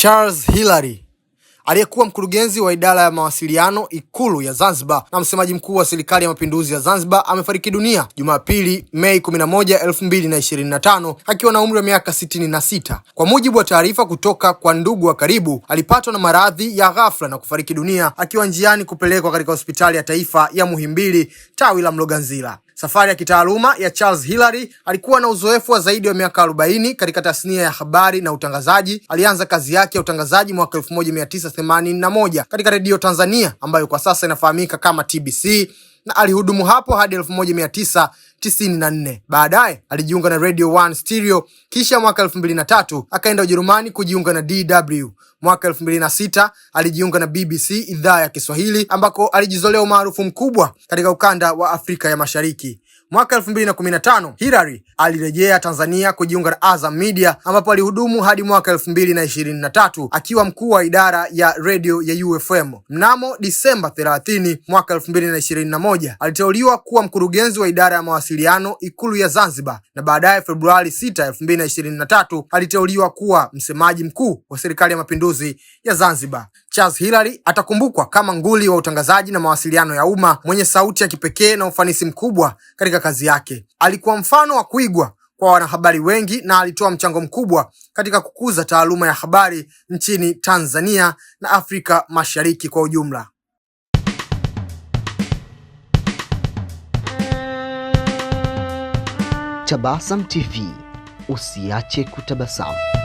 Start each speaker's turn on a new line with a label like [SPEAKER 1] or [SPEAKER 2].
[SPEAKER 1] Charles Hilary aliyekuwa mkurugenzi wa idara ya mawasiliano Ikulu ya Zanzibar na msemaji mkuu wa serikali ya mapinduzi ya Zanzibar amefariki dunia Jumapili, Mei 11, 2025 akiwa na umri wa miaka 66. Kwa mujibu wa taarifa kutoka kwa ndugu wa karibu, alipatwa na maradhi ya ghafla na kufariki dunia akiwa njiani kupelekwa katika hospitali ya taifa ya Muhimbili tawi la Mloganzila. Safari ya kitaaluma ya Charles Hilary, alikuwa na uzoefu wa zaidi wa miaka 40 katika tasnia ya habari na utangazaji. Alianza kazi yake ya utangazaji mwaka 1981 katika redio Tanzania ambayo kwa sasa inafahamika kama TBC na alihudumu hapo hadi 19 94. Baadaye alijiunga na Radio 1 Stereo, kisha mwaka 2003 akaenda Ujerumani kujiunga na DW. Mwaka 2006 alijiunga na BBC idhaa ya Kiswahili ambako alijizolea umaarufu mkubwa katika ukanda wa Afrika ya Mashariki. Mwaka 2015 Hilary alirejea Tanzania kujiunga na Azam Media ambapo alihudumu hadi mwaka 2023 akiwa mkuu wa idara ya redio ya UFM. Mnamo Disemba 30 mwaka 2021 aliteuliwa kuwa mkurugenzi wa idara ya mawasiliano Ikulu ya Zanzibar, na baadaye Februari 6, 2023 aliteuliwa kuwa msemaji mkuu wa Serikali ya Mapinduzi ya Zanzibar. Charles Hilary atakumbukwa kama nguli wa utangazaji na mawasiliano ya umma mwenye sauti ya kipekee na ufanisi mkubwa katika kazi yake. Alikuwa mfano wa kuigwa kwa wanahabari wengi na alitoa mchango mkubwa katika kukuza taaluma ya habari nchini Tanzania na Afrika Mashariki kwa ujumla. Tabasam TV, usiache kutabasamu.